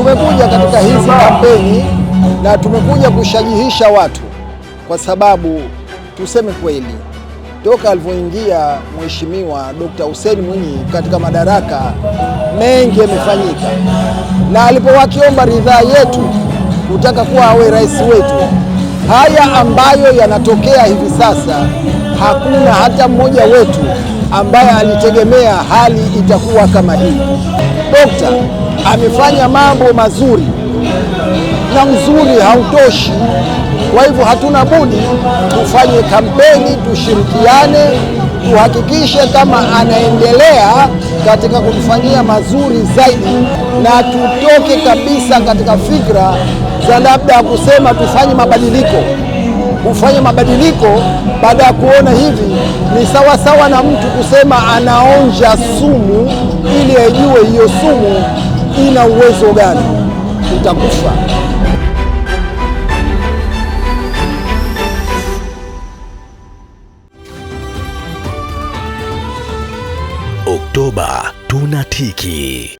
Tumekuja katika hizi kampeni na tumekuja kushajihisha watu, kwa sababu tuseme kweli, toka alivyoingia Mheshimiwa Dr. Hussein Mwinyi katika madaraka, mengi yamefanyika, na alipowakiomba ridhaa yetu kutaka kuwa awe rais wetu, haya ambayo yanatokea hivi sasa, hakuna hata mmoja wetu ambaye alitegemea hali itakuwa kama hii. Dokta amefanya mambo mazuri na uzuri hautoshi. Kwa hivyo hatuna budi tufanye kampeni, tushirikiane, tuhakikishe kama anaendelea katika kutufanyia mazuri zaidi, na tutoke kabisa katika fikra za labda kusema tufanye mabadiliko kufanya mabadiliko baada ya kuona hivi ni sawa sawa na mtu kusema anaonja sumu ili ajue hiyo sumu ina uwezo gani? Utakufa. Oktoba tunatiki.